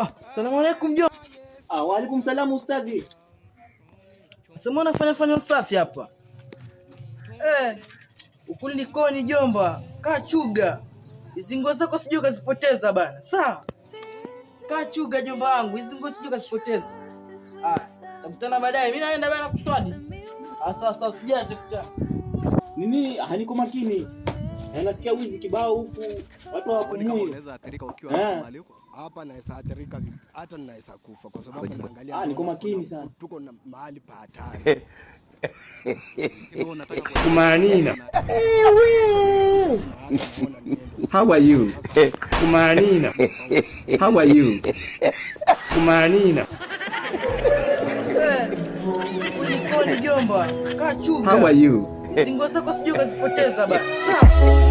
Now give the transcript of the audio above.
Ah, salamu alaikum jo. Ah, wa alaikum salam ustadhi. Sema unafanya fanya usafi hapa. Eh, ukuli nikoni jomba, kachuga chuga. Hizi nguo zako sijui kazipoteza bana. Sawa. kachuga jomba wangu, hizi nguo sijui kazipoteza. Ah, takutana baadaye. Mimi naenda bana kuswali. Ah, sawa sawa, sijaje tukutana. Nini, haniko ah, makini. Na nasikia wizi kibao huku, watu hawapumui. Unaweza athirika ukiwa eh. mahali huko. Hapa naweza athirika hata naweza kufa kwa sababu naangalia. Ah, niko makini sana. Tuko na mahali pa hatari. Kumanina. How are you? Kumanina. How are you? Kumanina. Eh. How are you? zingo zako sijui ukazipoteza bana. Sawa.